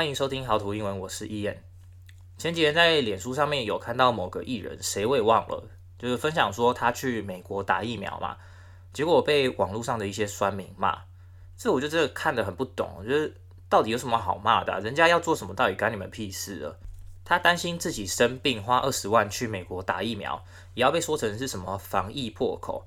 歡迎收聽豪圖英文，我是 Ian。前幾天在臉書上面有看到某個藝人，誰我也忘了，就是分享說他去美國打疫苗嘛，結果被網絡上的一些酸民罵。這我就真的看得很不懂，就是到底有什麼好罵的啊？人家要做什麼，到底干你們屁事了？他擔心自己生病，花二十萬去美國打疫苗，也要被說成是什麼防疫破口。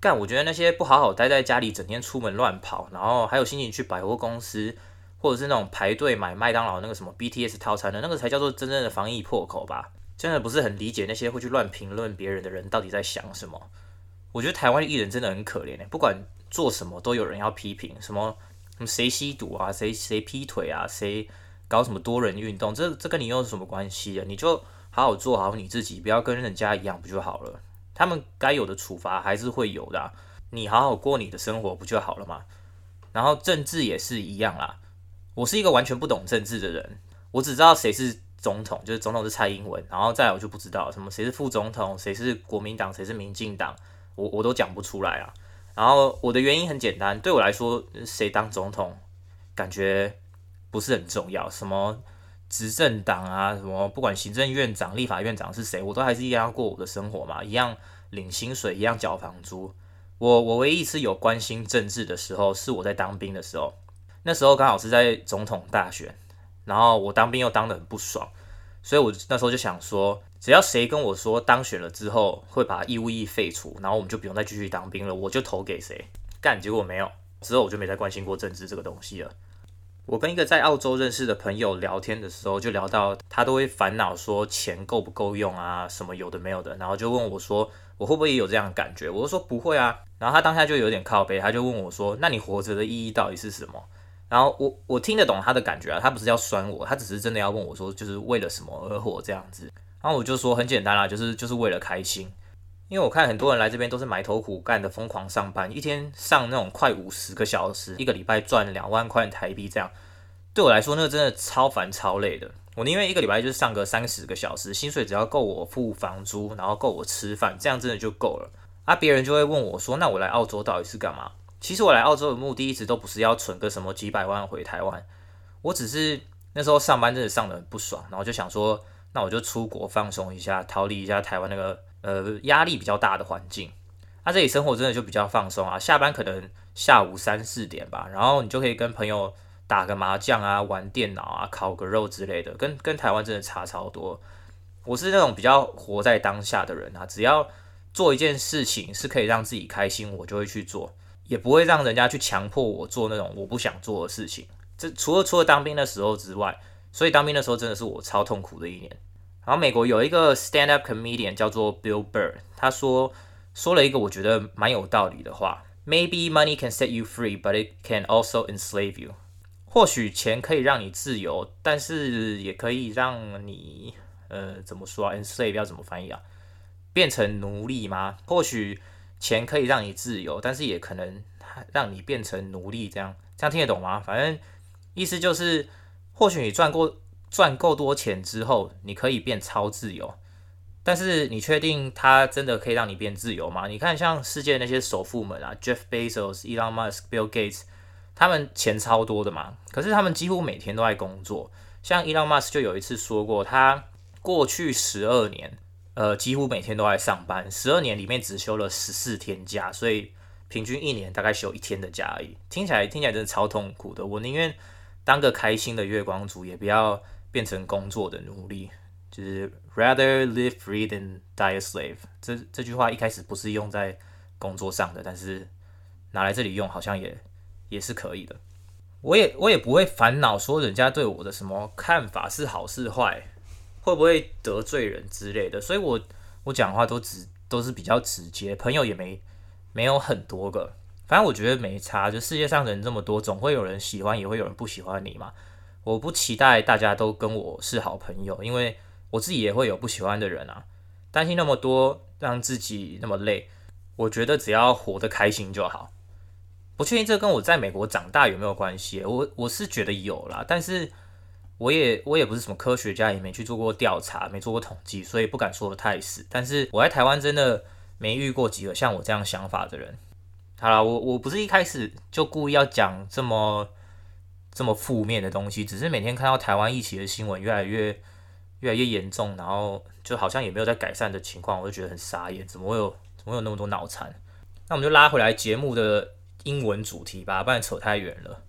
但我覺得那些不好好待在家裡，整天出門亂跑，然後還有心情去百貨公司。或者是那種排隊買麥當勞那個什麼 BTS 套餐的那個才叫做真正的防疫破口吧？真的不是很理解那些會去亂評論別人的人到底在想什麼。我覺得台灣藝人真的很可憐，欸，不管做什麼都有人要批評，什麼誰吸毒啊，誰誰劈腿啊，誰搞什麼多人運動，這這跟你又是什麼關係啊？你就好好做好你自己，不要跟人家一樣不就好了？他們該有的處罰還是會有的啊，你好好過你的生活不就好了嘛？然後政治也是一樣啦。我是一個完全不懂政治的人，我只知道誰是總統，就是總統是蔡英文，然後再來我就不知道什麼誰是副總統，誰是國民黨，誰是民進黨，我我都講不出來啊。然後我的原因很簡單，對我來說誰當總統感覺不是很重要，什麼執政黨啊，什麼不管行政院長、立法院長是誰，我都還是一樣過我的生活嘛，一樣領薪水，一樣繳房租。我我唯一一次有關心政治的時候，是我在當兵的時候。那時候剛好是在總統大選，然後我當兵又當得很不爽，所以我那時候就想說，只要誰跟我說當選了之後會把義務役廢除，然後我們就不用再繼續當兵了，我就投給誰幹。結果沒有，之後我就沒再關心過政治這個東西了。我跟一個在澳洲認識的朋友聊天的時候，就聊到他都會煩惱說錢夠不夠用啊，什麼有的沒有的，然後就問我說我會不會也有這樣的感覺？我就說不會啊。然後他當下就有點靠北，他就問我說那你活着的意義到底是什麼？然後我我聽得懂他的感覺啊，他不是要酸我，他只是真的要問我說，就是為了什麼而活這樣子。然後我就說很簡單啦，就是就是為了開心，因為我看很多人來這邊都是埋頭苦幹的，瘋狂上班，一天上那種快五十個小時，一個禮拜賺兩萬塊台幣這樣，對我來說那真的超煩超累的。我寧願一個禮拜就是上個三十個小時，薪水只要夠我付房租，然後夠我吃飯，這樣真的就夠了。啊，別人就會問我說，那我來澳洲到底是幹嘛？其實我來澳洲的目的一直都不是要存個什麼幾百萬回台灣，我只是那時候上班真的上得很不爽，然後就想說，那我就出國放鬆一下，逃離一下台灣那個呃壓力比較大的環境。那，啊，這裡生活真的就比較放鬆啊，下班可能下午三四點吧，然後你就可以跟朋友打個麻將啊，玩電腦啊，烤個肉之類的，跟跟台灣真的差超多。我是那種比較活在當下的人啊，只要做一件事情是可以讓自己開心，我就會去做。也不會讓人家去強迫我做那種我不想做的事情。這除了除了當兵的時候之外，所以當兵的時候真的是我超痛苦的一年。然後美國有一個 stand up comedian 叫做 Bill Burr，他說說了一個我覺得蠻有道理的話：Maybe money can set you free, but it can also enslave you。或許錢可以讓你自由，但是也可以讓你呃怎麼說啊？Enslave 要怎麼翻譯啊？變成奴隸嗎？或許。錢可以讓你自由，但是也可能讓你變成奴隸。這樣，這樣聽得懂嗎？反正意思就是，或許你賺過賺夠多錢之後，你可以變超自由。但是你確定它真的可以讓你變自由嗎？你看，像世界的那些首富們啊，Jeff Bezos、Elon Musk、Bill Gates，他們錢超多的嘛。可是他們幾乎每天都在工作。像 Elon Musk 就有一次說過，他過去十二年。呃，幾乎每天都在上班，十二年裡面只休了十四天假，所以平均一年大概休一天的假而已。聽起來聽起來真的超痛苦的，我寧願當個開心的月光族，也不要變成工作的奴隸。就是 rather live free than die a slave。這這句話一開始不是用在工作上的，但是拿來這裡用好像也也是可以的。我也我也不會煩惱說人家對我的什麼看法是好是壞。會不會得罪人之類的？所以我，我我講話都直，都是比較直接。朋友也沒沒有很多個，反正我覺得沒差。就世界上人這麼多，總會有人喜歡，也會有人不喜歡你嘛。我不期待大家都跟我是好朋友，因為我自己也會有不喜歡的人啊。擔心那麼多，讓自己那麼累，我覺得只要活得開心就好。不確定這跟我在美國長大有沒有關係？我我是覺得有啦，但是。我也我也不是什麼科學家，也沒去做過調查，沒做過統計，所以不敢說得太死。但是我在台灣真的沒遇過幾個像我這樣想法的人。好啦，我我不是一開始就故意要講這麼這麼負面的東西，只是每天看到台灣疫情的新聞越來越越來越嚴重，然後就好像也沒有在改善的情況，我就覺得很傻眼，怎麼會有怎麼會有那麼多腦殘？那我們就拉回來節目的英文主題吧，不然扯太遠了。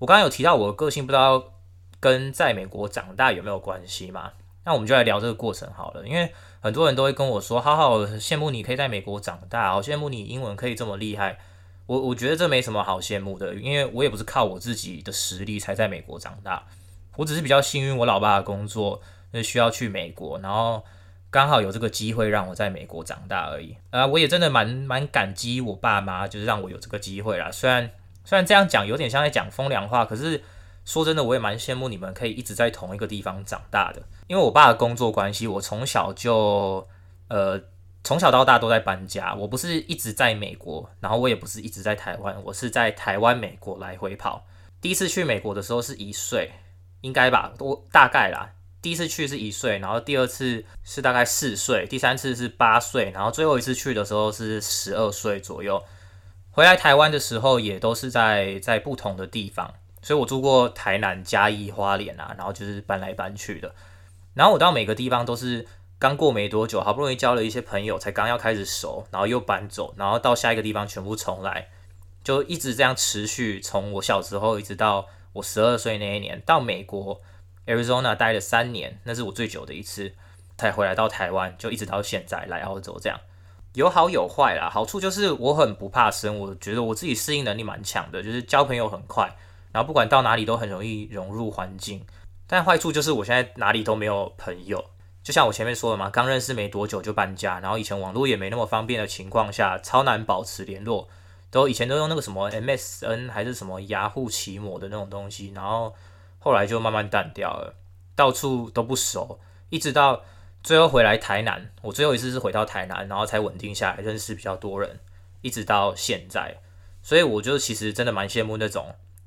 我剛剛有提到我的個性，不知道。跟在美國長大有沒有關係嘛？那我們就來聊這個過程好了，因為很多人都會跟我說，好好羨慕你可以在美國長大，好羨慕你英文可以這麼厲害。我我覺得這沒什麼好羨慕的，因為我也不是靠我自己的實力才在美國長大，我只是比較幸運，我老爸的工作、就是、需要去美國，然後剛好有這個機會讓我在美國長大而已。啊、呃，我也真的蠻蠻感激我爸媽，就是讓我有這個機會啦。雖然雖然這樣講有點像在講風涼話，可是。說真的，我也蠻羨慕你們可以一直在同一個地方長大的。因為我爸的工作關係，我從小就，呃，從小到大都在搬家。我不是一直在美國，然後我也不是一直在台灣，我是在台灣、美國來回跑。第一次去美國的時候是一歲，應該吧，多大概啦。第一次去是一歲，然後第二次是大概四歲，第三次是八歲，然後最後一次去的時候是十二歲左右。回來台灣的時候也都是在在不同的地方。所以我住過台南、嘉義、花蓮啊，然後就是搬來搬去的。然後我到每個地方都是剛過沒多久，好不容易交了一些朋友，才剛要開始熟，然後又搬走，然後到下一個地方全部重來，就一直這樣持續。從我小時候一直到我十二歲那一年，到美國 Arizona 待了三年，那是我最久的一次。才回來到台灣，就一直到現在來澳洲，這樣有好有壞啦。好處就是我很不怕生，我覺得我自己適應能力蠻強的，就是交朋友很快。然後不管到哪裡都很容易融入環境，但壞處就是我現在哪裡都沒有朋友。就像我前面說的嘛，剛認識沒多久就搬家，然後以前網絡也沒那麼方便的情況下，超難保持聯絡。都以前都用那個什麼 MSN 還是什麼雅虎奇摩的那種東西，然後後來就慢慢淡掉了，到處都不熟，一直到最後回來台南，我最後一次是回到台南，然後才穩定下來，認識比較多人，一直到現在。所以我就其實真的蠻羨慕那種。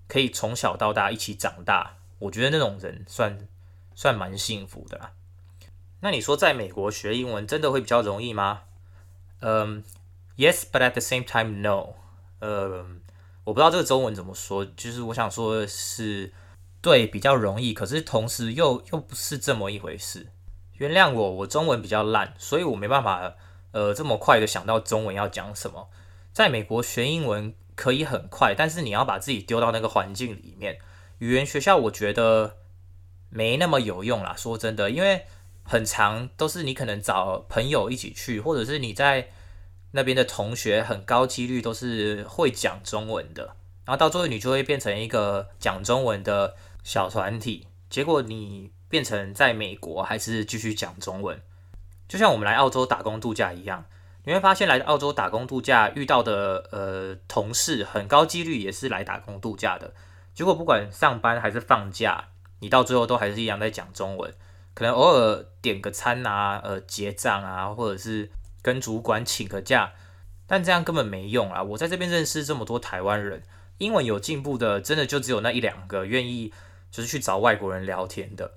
可以從小到大一起長大，我覺得那種人算算蠻幸福的啦。那你說在美國學英文真的會比較容易嗎？嗯，Yes，but at the same time，no。嗯，我不知道這個中文怎麼說，就是我想說的是對比較容易，可是同時又又不是這麼一回事。原諒我，我中文比較爛，所以我沒辦法呃這麼快的想到中文要講什麼。在美國學英文，可以很快，但是你要把自己丟到那個環境裡面。語言學校我覺得沒那麼有用啦，說真的，因為很常都是你可能找朋友一起去，或者是你在那邊的同學，很高幾率都是會講中文的，然後到最後你就會變成一個講中文的小團體，結果你變成在美國還是繼續講中文，就像我們來澳洲打工度假一樣。你會發現，來澳洲打工度假遇到的呃同事，很高幾率也是來打工度假的。結果不管上班還是放假，你到最後都還是一樣在講中文。可能偶爾點個餐啊、呃結賬啊，或者是跟主管請個假，但這樣根本沒用啊！我在這邊認識這麼多台灣人，英文有進步的，真的就只有那一兩個願意就是去找外國人聊天的，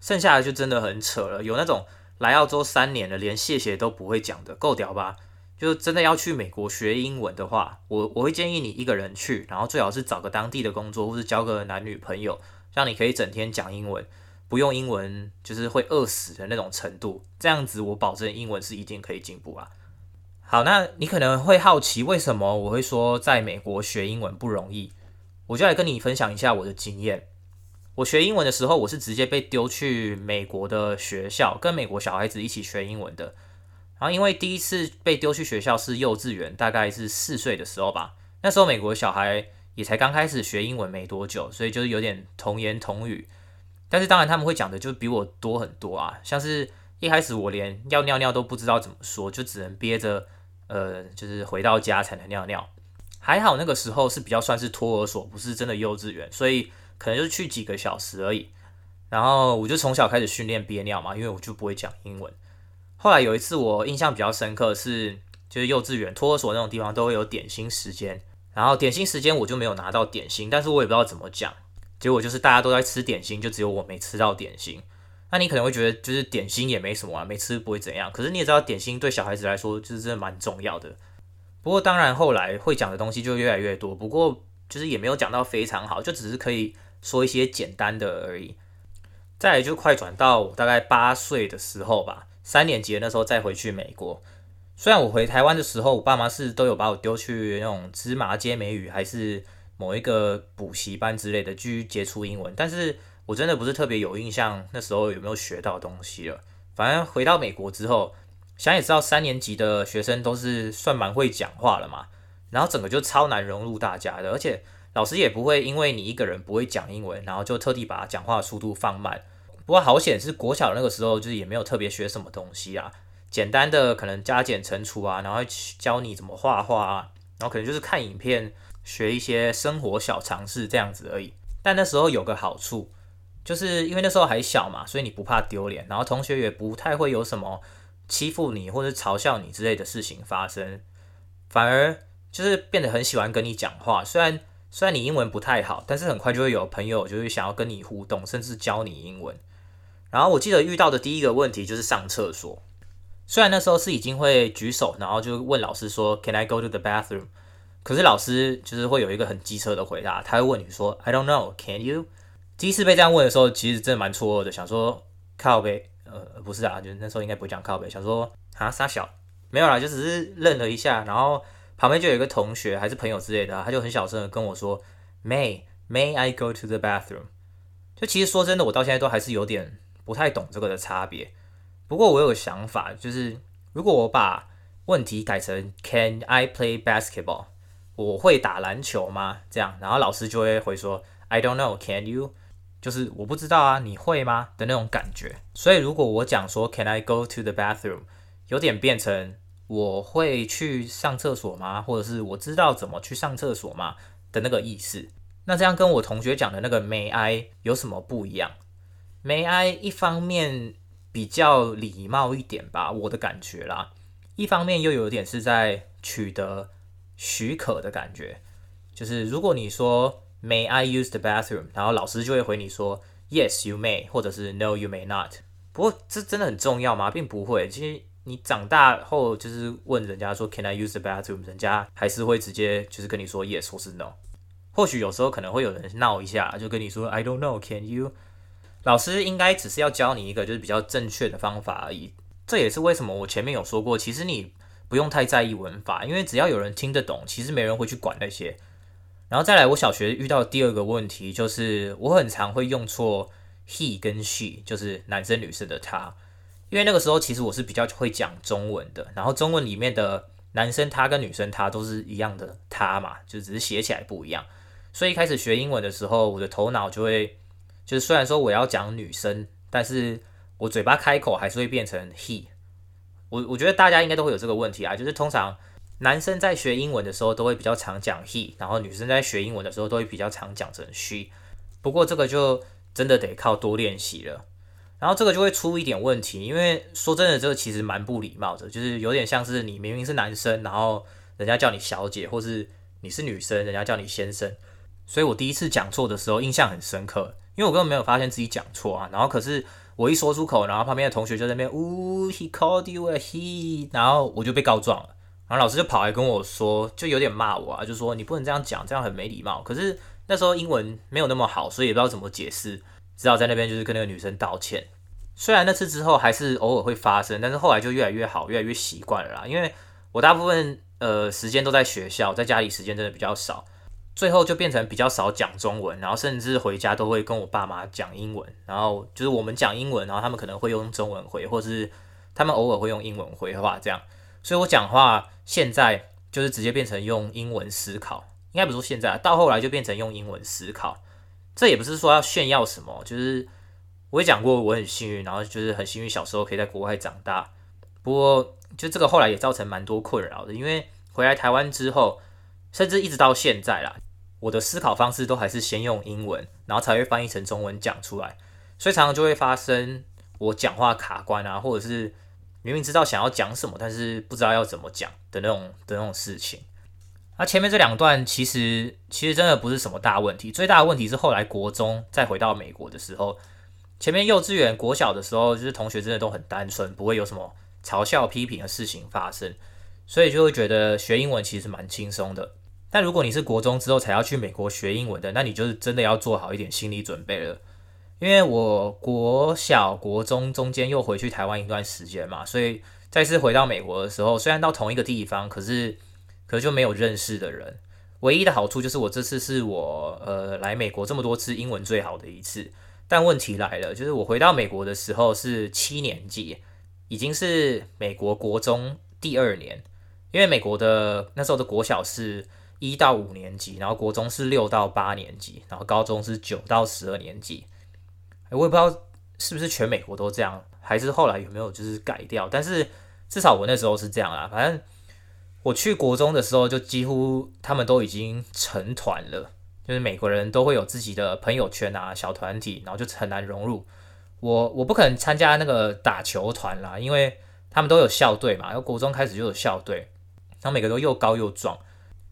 剩下的就真的很扯了。有那種。來澳洲三年了，連謝謝都不會講的，夠屌吧？就真的要去美國學英文的話，我我會建議你一個人去，然後最好是找個當地的工作，或是交個男女朋友，讓你可以整天講英文，不用英文就是會餓死的那種程度。這樣子，我保證英文是一定可以進步啊。好，那你可能會好奇為什麼我會說在美國學英文不容易，我就來跟你分享一下我的經驗。我學英文的時候，我是直接被丟去美國的學校，跟美國小孩子一起學英文的。然後，因為第一次被丟去學校是幼稚園，大概是四歲的時候吧。那時候美國小孩也才剛開始學英文沒多久，所以就是有點童言童語。但是當然他們會講的就比我多很多啊，像是一開始我連要尿尿都不知道怎麼說，就只能憋着，呃，就是回到家才能尿尿。還好那個時候是比較算是托兒所，不是真的幼稚園，所以。可能就去幾個小時而已，然後我就從小開始訓練憋尿嘛，因為我就不會講英文。後來有一次我印象比較深刻的是，就是幼稚園托兒所那種地方都會有點心時間，然後點心時間我就沒有拿到點心，但是我也不知道怎麼講，結果就是大家都在吃點心，就只有我沒吃到點心。那你可能會覺得就是點心也沒什麼啊，沒吃不會怎樣。可是你也知道點心對小孩子來說就是真的蠻重要的。不過當然後來會講的東西就越來越多，不過就是也沒有講到非常好，就只是可以。說一些簡單的而已，再來就快轉到我大概八歲的時候吧，三年級的那時候再回去美國。雖然我回台灣的時候，我爸媽是都有把我丟去那種芝麻街美語，還是某一個補習班之類的，去接觸英文。但是我真的不是特別有印象，那時候有沒有學到東西了？反正回到美國之後，想也知道三年級的學生都是算蠻會講話了嘛，然後整個就超難融入大家的，而且。老師也不會因為你一個人不會講英文，然後就特地把講話速度放慢。不過好險是國小的那個時候，就是也沒有特別學什麼東西啊，簡單的可能加減乘除啊，然後教你怎麼畫畫啊，然後可能就是看影片學一些生活小常識這樣子而已。但那時候有個好處，就是因為那時候還小嘛，所以你不怕丟臉，然後同學也不太會有什麼欺負你或者嘲笑你之類的事情發生，反而就是變得很喜歡跟你講話，雖然。雖然你英文不太好，但是很快就會有朋友就會想要跟你互動，甚至教你英文。然後我記得遇到的第一個問題就是上廁所。雖然那時候是已經會舉手，然後就問老師說 “Can I go to the bathroom？” 可是老師就是會有一個很機車的回答，他會問你說 “I don't know, can you？” 第一次被這樣問的時候，其實真的蠻錯愕的，想說靠北，呃，不是啊，就是那時候應該不會講靠北，想說哈、啊，傻小，沒有啦，就只是愣了一下，然後。旁邊就有一個同學，還是朋友之類的，他就很小聲地跟我說，May, may I go to the bathroom？就其實說真的，我到現在都還是有點不太懂這個的差別。不過我有個想法，就是如果我把問題改成 Can I play basketball？我會打籃球嗎？這樣，然後老師就會回說，I don't know, can you？就是我不知道啊，你會嗎的那種感覺。所以如果我講說 Can I go to the bathroom？有點變成。我會去上廁所嗎？或者是我知道怎麼去上廁所嗎？的那個意思。那這樣跟我同學講的那個 may I 有什麼不一樣？may I 一方面比較禮貌一點吧，我的感覺啦。一方面又有點是在取得許可的感覺。就是如果你說 may I use the bathroom，然後老師就會回你說 yes you may，或者是 no you may not。不過這真的很重要嗎？並不會，其實。你長大後就是問人家說 Can I use the bathroom？人家還是會直接就是跟你說 Yes 或是 No。或許有時候可能會有人鬧一下，就跟你說 I don't know，can you？老師應該只是要教你一個就是比較正確的方法而已。這也是為什麼我前面有說過，其實你不用太在意文法，因為只要有人聽得懂，其實沒人會去管那些。然後再來，我小學遇到第二個問題就是，我很常會用錯 He 跟 She，就是男生女生的他。因為那個時候其實我是比較會講中文的，然後中文裡面的男生他跟女生他都是一樣的他嘛，就只是寫起來不一樣。所以一開始學英文的時候，我的頭腦就會就是雖然說我要講女生，但是我嘴巴開口還是會變成 he。我我覺得大家應該都會有這個問題啊，就是通常男生在學英文的時候都會比較常講 he，然後女生在學英文的時候都會比較常講成 she。不過這個就真的得靠多練習了。然後這個就會出一點問題，因為說真的，這個其實蠻不禮貌的，就是有點像是你明明是男生，然後人家叫你小姐，或是你是女生，人家叫你先生。所以我第一次講錯的時候，印象很深刻，因為我根本沒有發現自己講錯啊。然後可是我一說出口，然後旁邊的同學就在那邊，嗚，he called you a he，然後我就被告狀了。然後老師就跑來跟我說，就有點罵我啊，就說你不能這樣講，這樣很沒禮貌。可是那時候英文沒有那麼好，所以也不知道怎麼解釋。只好在那邊就是跟那個女生道歉。雖然那次之後還是偶爾會發生，但是後來就越來越好，越來越習慣了啦。因為我大部分呃時間都在學校，在家裡時間真的比較少，最後就變成比較少講中文，然後甚至回家都會跟我爸媽講英文。然後就是我們講英文，然後他們可能會用中文回，或是他們偶爾會用英文回的話這樣。所以我講話現在就是直接變成用英文思考，應該不是說現在，到後來就變成用英文思考。這也不是說要炫耀什麼，就是我也講過我很幸運，然後就是很幸運小時候可以在國外長大。不過就這個後來也造成蠻多困擾的，因為回來台灣之後，甚至一直到現在啦，我的思考方式都還是先用英文，然後才會翻譯成中文講出來。所以常常就會發生我講話卡關啊，或者是明明知道想要講什麼，但是不知道要怎麼講的那種的那種事情。那、啊、前面這兩段其實其實真的不是什麼大問題，最大的問題是後來國中再回到美國的時候，前面幼稚園、國小的時候，就是同學真的都很單純，不會有什麼嘲笑、批評的事情發生，所以就會覺得學英文其實蠻輕鬆的。但如果你是國中之後才要去美國學英文的，那你就是真的要做好一點心理準備了，因為我國小、國中中間又回去台灣一段時間嘛，所以再次回到美國的時候，雖然到同一個地方，可是。可就沒有認識的人，唯一的好處，就是我這次是我呃來美國這麼多次英文最好的一次。但問題來了，就是我回到美國的時候是七年級，已經是美國國中第二年，因為美國的那時候的國小是一到五年級，然後國中是六到八年級，然後高中是九到十二年級。欸，我也不知道是不是全美國都這樣，還是後來有沒有就是改掉，但是至少我那時候是這樣啦，反正。我去國中的時候，就幾乎他們都已經成團了，就是美國人都會有自己的朋友圈啊、小團體，然後就很難融入。我我不可能參加那個打球團啦，因為他們都有校隊嘛，由國中開始就有校隊，然後每個都又高又壯。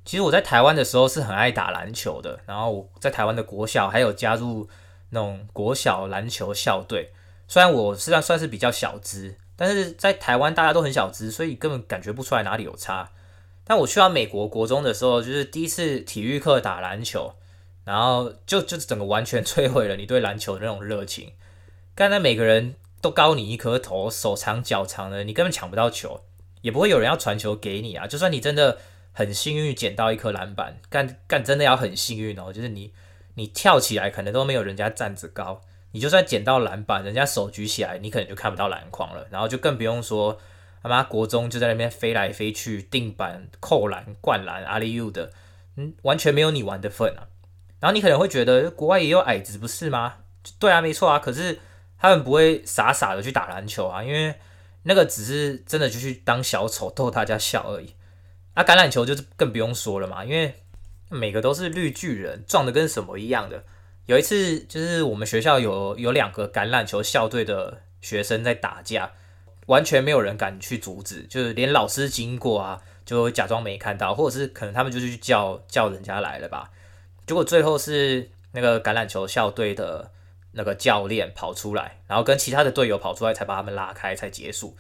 其實我在台灣的時候是很愛打籃球的，然後我在台灣的國小還有加入那種國小籃球校隊，雖然我實際上算，算是比較小只，但是在台灣大家都很小只，所以根本感覺不出來哪裡有差。那我去到美國國中的時候，就是第一次體育課打籃球，然後就就整個完全摧毀了你對籃球的那種熱情。剛才每個人都高你一顆頭，手長腳長的，你根本搶不到球，也不會有人要傳球給你啊。就算你真的很幸運撿到一顆籃板，幹幹真的要很幸運哦。就是你你跳起來可能都沒有人家站着高，你就算撿到籃板，人家手舉起來，你可能就看不到籃筐了。然後就更不用說。他媽國中就在那邊飛來飛去，釘板扣籃、灌籃，阿里屋的，嗯，完全沒有你玩的份啊。然後你可能會覺得國外也有矮子不是嗎？對啊，沒錯啊。可是他們不會傻傻的去打籃球啊，因為那個只是真的就去當小丑逗大家笑而已。那、啊、橄欖球就是更不用說了嘛，因為每個都是綠巨人，壯的跟什麼一樣的。有一次就是我們學校有有兩個橄欖球校隊的學生在打架。完全沒有人敢去阻止，就是連老師經過啊，就假裝沒看到，或者是可能他們就去叫叫人家來了吧。結果最後是那個橄欖球校隊的那個教練跑出來，然後跟其他的隊友跑出來才把他們拉開才結束。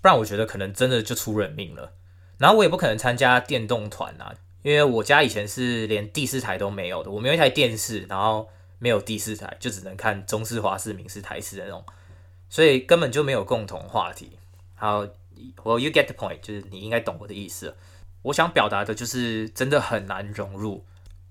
不然我覺得可能真的就出人命了。然後我也不可能參加電動團啊，因為我家以前是連第四台都沒有的，我沒有一台電視，然後沒有第四台，就只能看中視、華視、民視、台視的那種。所以根本就沒有共同話題。好，well you get the point，就是你應該懂我的意思了。我想表達的就是真的很難融入。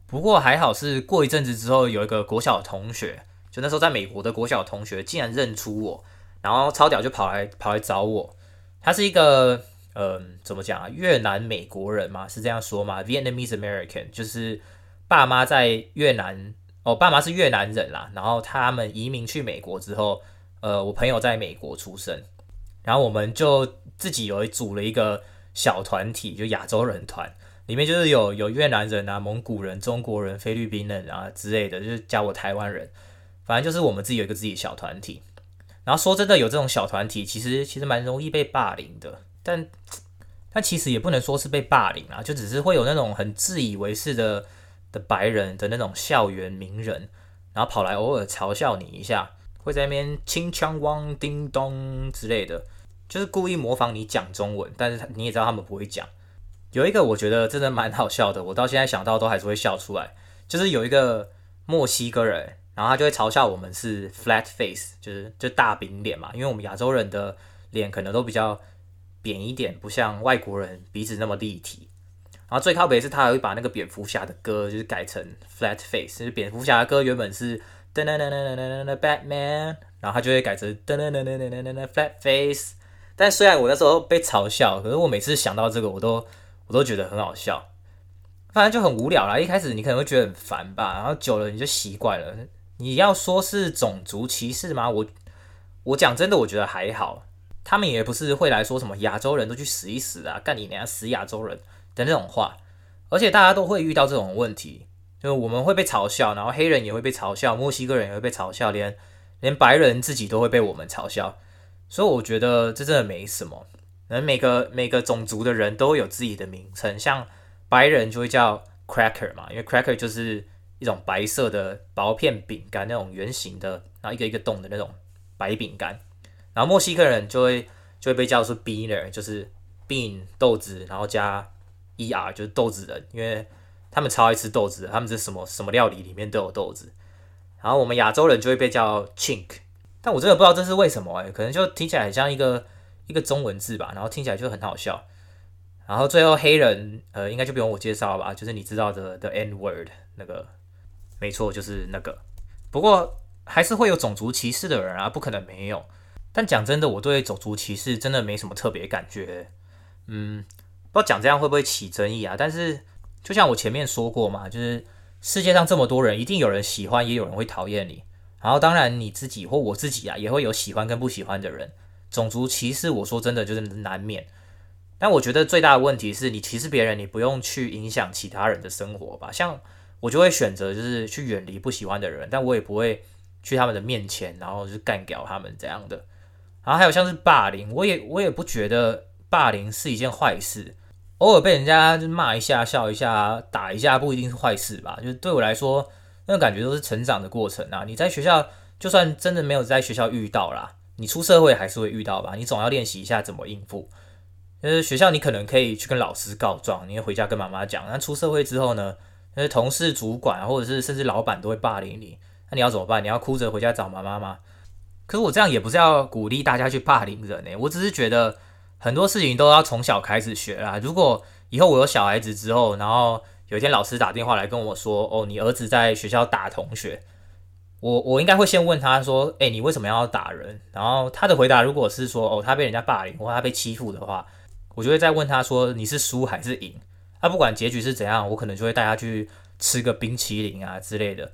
不過還好是過一陣子之後，有一個國小的同學，就那時候在美國的國小的同學，竟然認出我，然後超屌就跑來跑來找我。他是一個嗯、呃，怎麼講啊？越南美國人嘛，是這樣說嘛？Vietnamese American，就是爸媽在越南，哦，爸媽是越南人啦，然後他們移民去美國之後。呃，我朋友在美國出生，然後我們就自己有組了一個小團體，就亞洲人團，裡面就是有有越南人啊、蒙古人、中國人、菲律賓人啊之類的，就是加我台灣人，反正就是我們自己有一個自己小團體。然後說真的，有這種小團體，其實其實蠻容易被霸凌的，但但其實也不能說是被霸凌啊，就只是會有那種很自以為是的的白人的那種校園名人，然後跑來偶爾嘲笑你一下。會在那邊輕槍汪叮咚之類的，就是故意模仿你講中文，但是你也知道他們不會講。有一個我覺得真的蠻好笑的，我到現在想到都還是會笑出來。就是有一個墨西哥人，然後他就會嘲笑我們是 flat face，就是就大餅臉嘛，因為我們亞洲人的臉可能都比較扁一點，不像外國人鼻子那麼立體。然後最靠北是，他還會把那個蝙蝠俠的歌就是改成 flat face，就是蝙蝠俠的歌原本是。噔噔噔噔噔噔，Batman，然後他就會改成噔噔噔噔噔噔噔，Flat Face。但雖然我那時候被嘲笑，可是我每次想到這個，我都我都覺得很好笑。反正就很無聊啦，一開始你可能會覺得很煩吧，然後久了你就習慣了。你要說是種族歧視嗎？我我講真的，我覺得還好。他們也不是會來說什麼亞洲人都去死一死啊，幹你娘，死亞洲人的那種話。而且大家都會遇到這種問題。就我們會被嘲笑，然後黑人也會被嘲笑，墨西哥人也會被嘲笑，連連白人自己都會被我們嘲笑，所以我覺得這真的沒什麼。然後每個每個種族的人都有自己的名稱，像白人就會叫 cracker 嘛，因為 cracker 就是一種白色的薄片餅乾，那種圓形的，然後一個一個洞的那種白餅乾。然後墨西哥人就會就會被叫做 beaner，就是 bean 豆子，然後加 er 就是豆子人，因為。他們超愛吃豆子，他們是什麼什麼料理裡面都有豆子。然後我們亞洲人就會被叫 chink，但我真的不知道這是為什麼欸，可能就聽起來很像一個一個中文字吧，然後聽起來就很好笑。然後最後黑人，呃，應該就不用我介紹了吧，就是你知道的 the N-word 那個，沒錯就是那個。不過還是會有種族歧視的人啊，不可能沒有。但講真的，我對種族歧視真的沒什麼特別感覺欸。嗯，不知道講這樣會不會起爭議啊？但是。就像我前面說過嘛，就是世界上這麼多人，一定有人喜歡，也有人會討厭你。然後當然你自己或我自己啊，也會有喜歡跟不喜歡的人。種族歧視，我說真的就是難免。但我覺得最大的問題是你歧視別人，你不用去影響其他人的生活吧？像我就會選擇就是去遠離不喜歡的人，但我也不會去他們的面前，然後就是幹掉他們這樣的。然後還有像是霸凌，我也我也不覺得霸凌是一件壞事。偶爾被人家罵一下，笑一下，打一下，不一定是壞事吧？就是對我來說，那種感覺都是成長的過程啊。你在學校就算真的沒有在學校遇到啦，你出社會還是會遇到吧？你總要練習一下怎麼應付。就是學校你可能可以去跟老師告狀，你會回家跟媽媽講。那出社會之後呢？就是同事、主管啊，或者是甚至老闆都會霸凌你，那你要怎麼辦？你要哭着回家找媽媽嗎？可是我這樣也不是要鼓勵大家去霸凌人欸，我只是覺得。很多事情都要從小開始學啦。如果以後我有小孩子之後，然後有一天老師打電話來跟我說：“哦，你兒子在學校打同學。”我，我應該會先問他說：“欸，你為什麼要打人？”然後他的回答如果是說：“哦，他被人家霸凌，或他被欺負的話，我就會再問他說：你是輸還是贏？他不管結局是怎樣，我可能就會帶他去吃個冰淇淋啊之類的。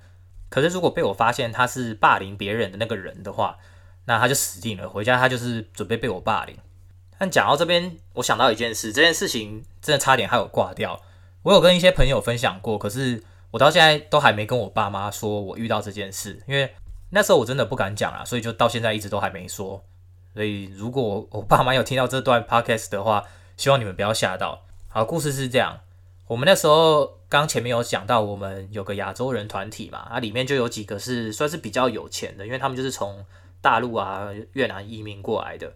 可是如果被我發現他是霸凌別人的那個人的話，那他就死定了。回家他就是準備被我霸凌。但講到這邊，我想到一件事，這件事情真的差點害我掛掉。我有跟一些朋友分享過，可是我到現在都還沒跟我爸媽說我遇到這件事，因為那時候我真的不敢講啊，所以就到現在一直都還沒說。所以如果我爸媽有聽到這段 podcast 的話，希望你們不要嚇到。好，故事是這樣，我們那時候剛前面有講到，我們有個亞洲人團體嘛，啊裡面就有幾個是算是比較有錢的，因為他們就是從大陸啊、越南移民過來的。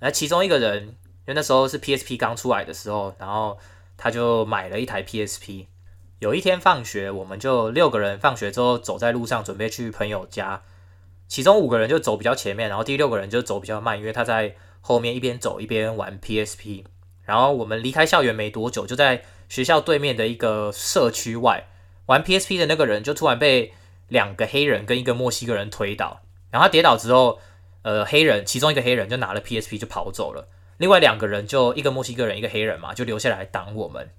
那其中一個人，因為那時候是 PSP 剛出來的時候，然後他就買了一台 PSP。有一天放學，我們就六個人放學之後走在路上，準備去朋友家。其中五個人就走比較前面，然後第六個人就走比較慢，因為他在後面一邊走一邊玩 PSP。然後我們離開校園沒多久，就在學校對面的一個社區外，玩 PSP 的那個人就突然被兩個黑人跟一個墨西哥人推倒，然後他跌倒之後。呃，黑人其中一個黑人就拿了 PSP 就跑走了，另外兩個人就一個墨西哥人，一個黑人嘛，就留下來擋我們。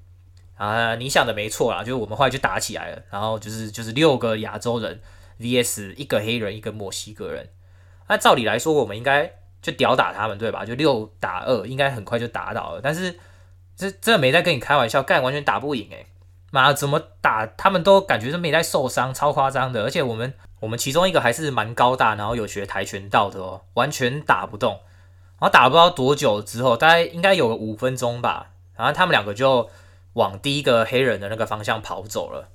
啊，你想的沒錯啦，就是我們後來就打起來了，然後就是就是六個亞洲人 VS 一個黑人，一個墨西哥人。按、啊、照理來說，我們應該就屌打他們對吧？就六打二，應該很快就打倒了。但是這真的沒在跟你開玩笑，幹完全打不贏誒、欸。媽怎麼打他們都感覺是沒在受傷，超誇張的，而且我們。我們其中一個還是蠻高大，然後有學跆拳道的哦，完全打不動。然後打不知道多久之後，大概應該有個五分鐘吧，然後他們兩個就往第一個黑人的那個方向跑走了。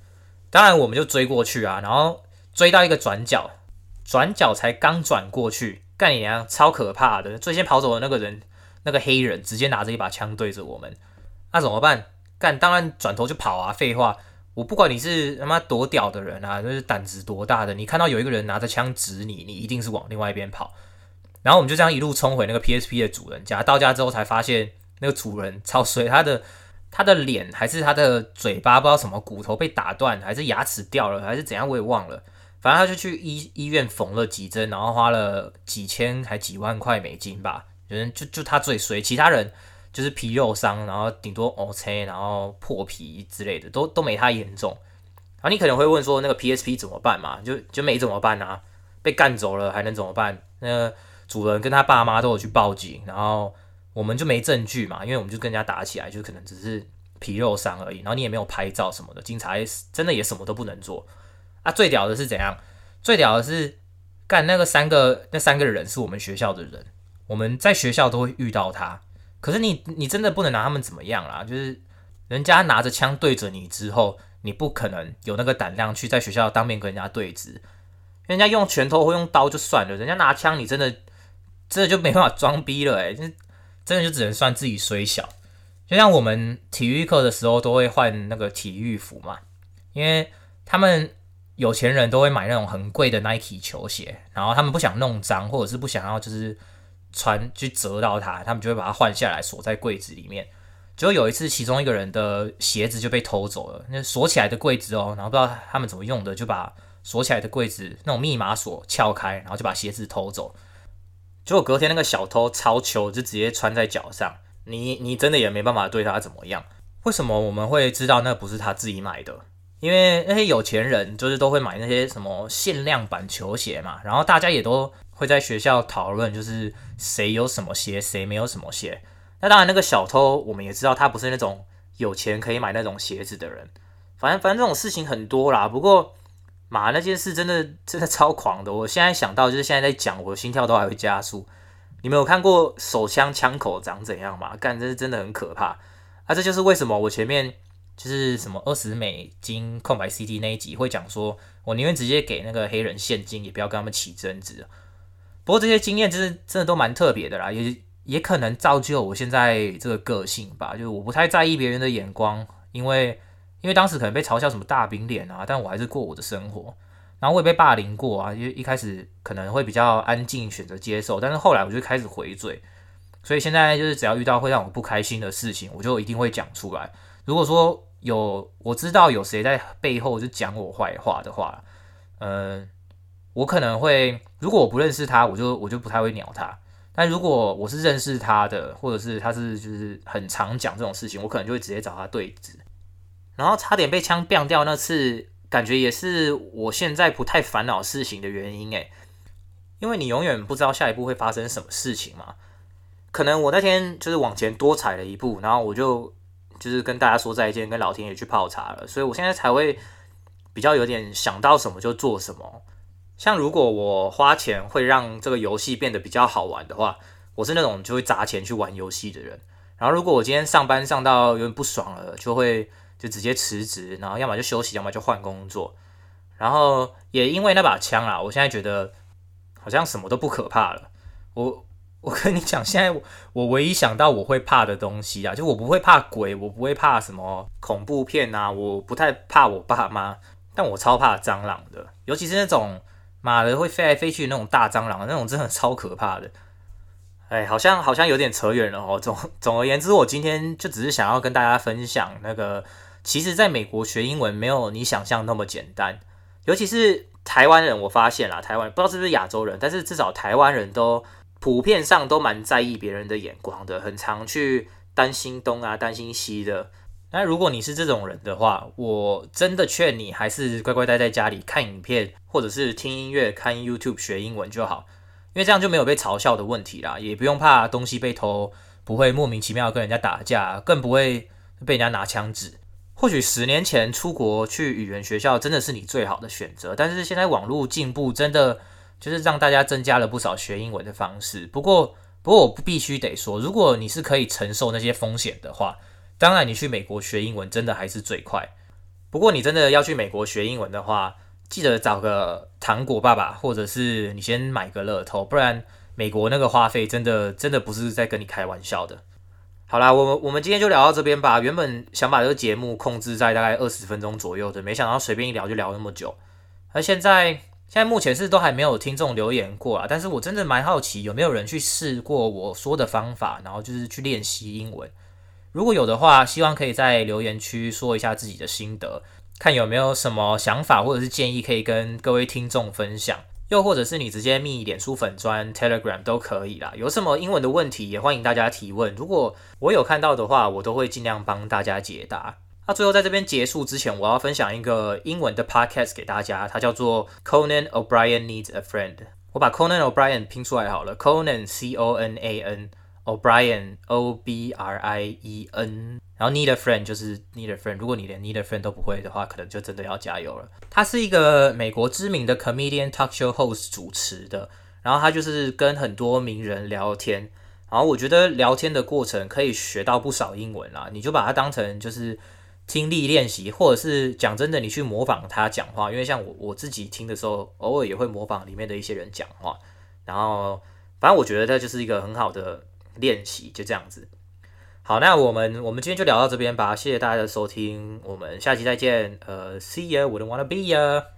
當然我們就追過去啊，然後追到一個轉角，轉角才剛轉過去，幹你娘，超可怕的！最先跑走的那個人，那個黑人直接拿着一把槍對着我們，那、啊、怎麼辦？幹，當然轉頭就跑啊，廢話。我不管你是他媽多屌的人啊，就是膽子多大的，你看到有一個人拿着槍指你，你一定是往另外一邊跑。然後我們就這樣一路衝回那個 PSP 的主人家，到家之後才發現那個主人超衰，他的他的臉還是他的嘴巴不知道什麼骨頭被打斷，還是牙齒掉了，還是怎樣，我也忘了。反正他就去醫醫院縫了幾針，然後花了幾千還幾萬塊美金吧。人就就他最衰，其他人。就是皮肉傷，然後頂多 OK，然後破皮之類的，都都沒太嚴重。然後你可能會問說，那個 PSP 怎麼辦嘛？就就沒怎麼辦啊，被幹走了還能怎麼辦？那個主人跟他爸媽都有去報警，然後我們就沒證據嘛，因為我們就跟人家打起來，就可能只是皮肉傷而已。然後你也沒有拍照什麼的，警察真的也什麼都不能做啊。最屌的是怎樣？最屌的是幹那個三個那三個人是我們學校的人，我們在學校都會遇到他。可是你你真的不能拿他們怎麼樣啦。就是人家拿着槍對着你之後，你不可能有那個膽量去在學校當面跟人家對峙，人家用拳頭或用刀就算了，人家拿槍，你真的真的就沒辦法裝逼了哎，真的就只能算自己衰小。就像我們體育課的時候都會換那個體育服嘛，因為他們有錢人都會買那種很貴的 Nike 球鞋，然後他們不想弄髒，或者是不想要就是。穿去折到他，他們就會把它換下來鎖在櫃子裡面。結果有一次，其中一個人的鞋子就被偷走了。那鎖起來的櫃子哦，然後不知道他們怎麼用的，就把鎖起來的櫃子那種密碼鎖撬開，然後就把鞋子偷走。結果隔天那個小偷超球就直接穿在腳上，你你真的也沒辦法對他怎麼樣？為什麼我們會知道那不是他自己買的？因為那些有錢人就是都會買那些什麼限量版球鞋嘛，然後大家也都，會在學校討論，就是誰有什麼鞋，誰沒有什麼鞋。那當然，那個小偷我們也知道，他不是那種有錢可以買那種鞋子的人。反正反正這種事情很多啦。不過，嘛那件事真的真的超狂的。我現在想到，就是現在在講，我的心跳都還會加速。你們有看過手槍槍口長怎樣嗎？幹，真是真的很可怕啊！這就是為什麼我前面就是什麼二十美金空白 CD 那一集會講說，我寧願直接給那個黑人現金，也不要跟他們起爭執。不過這些經驗就是真的都蠻特別的啦，也也可能造就我現在這個個性吧。就是我不太在意別人的眼光，因為因為當時可能被嘲笑什麼大餅臉啊，但我還是過我的生活。然後我也被霸凌過啊，因為一開始可能會比較安靜，選擇接受，但是後來我就開始回嘴。所以現在就是只要遇到會讓我不開心的事情，我就一定會講出來。如果說有，我知道有誰在背後就講我壞話的話，嗯、呃。我可能會，如果我不認識他，我就我就不太會鳥他。但如果我是認識他的，或者是他是就是很常講這種事情，我可能就會直接找他對質。然後差點被槍斃掉那次，感覺也是我現在不太煩惱事情的原因哎，因為你永遠不知道下一步會發生什麼事情嘛。可能我那天就是往前多踩了一步，然後我就就是跟大家說再見，跟老天爺去泡茶了，所以我現在才會比較有點想到什麼就做什麼。像如果我花錢會讓這個遊戲變得比較好玩的話，我是那種就會砸錢去玩遊戲的人。然後如果我今天上班上到有點不爽了，就會就直接辭職，然後要麼就休息，要麼就換工作。然後也因為那把槍啊，我現在覺得好像什麼都不可怕了。我我跟你講，現在我，我唯一想到我會怕的東西啊，就我不會怕鬼，我不會怕什麼恐怖片啊，我不太怕我爸媽，但我超怕蟑螂的，尤其是那種。媽的，馬會飛來飛去那種大蟑螂，那種真的超可怕的。哎，好像好像有點扯遠了哦。總總而言之，我今天就只是想要跟大家分享那個，其實，在美國學英文沒有你想象那麼簡單。尤其是台灣人，我發現啦，台灣不知道是不是亞洲人，但是至少台灣人都普遍上都蠻在意別人的眼光的，很常去擔心東啊，擔心西的。那如果你是這種人的話，我真的勸你還是乖乖待在家裡看影片，或者是聽音樂、看 YouTube 學英文就好，因為這樣就沒有被嘲笑的問題啦，也不用怕東西被偷，不會莫名其妙跟人家打架，更不會被人家拿槍指。或許十年前出國去語言學校真的是你最好的選擇，但是現在網絡進步真的就是讓大家增加了不少學英文的方式。不過，不過我必須得說，如果你是可以承受那些風險的話。當然，你去美國學英文真的還是最快。不過，你真的要去美國學英文的話，記得找個糖果爸爸，或者是你先買個樂透，不然美國那個花費真的真的不是在跟你開玩笑的。好啦，我我們今天就聊到這邊吧。原本想把這個節目控制在大概二十分鐘左右的，沒想到隨便一聊就聊那麼久。而、啊、現在現在目前是都還沒有聽眾留言過啊。但是我真的蠻好奇，有沒有人去試過我說的方法，然後就是去練習英文。如果有的話，希望可以在留言區說一下自己的心得，看有沒有什麼想法或者是建議可以跟各位聽眾分享，又或者是你直接密臉書粉專、Telegram 都可以啦。有什麼英文的問題也歡迎大家提問，如果我有看到的話，我都會盡量幫大家解答。那、啊、最後在這邊結束之前，我要分享一個英文的 Podcast 給大家，它叫做 Conan O'Brien Needs a Friend。我把 Conan O'Brien 拼出來好了，Conan C-O-N-A-N。Conan O'Brien O, Brien, O-B-R-I-E-N，然後 Need a friend 就是 Need a friend。如果你連 Need a friend 都不會的話，可能就真的要加油了。他是一個美國知名的 comedian talk show host 主持的，然後他就是跟很多名人聊天，然後我覺得聊天的過程可以學到不少英文啦。你就把它當成就是聽力練習，或者是講真的，你去模仿他講話。因為像我我自己聽的時候，偶爾也會模仿裡面的一些人講話。然後反正我覺得他就是一個很好的。練習就這樣子，好，那我們我們今天就聊到這邊吧，謝謝大家的收聽，我們下期再見，呃，See ya，wouldn't wanna be ya。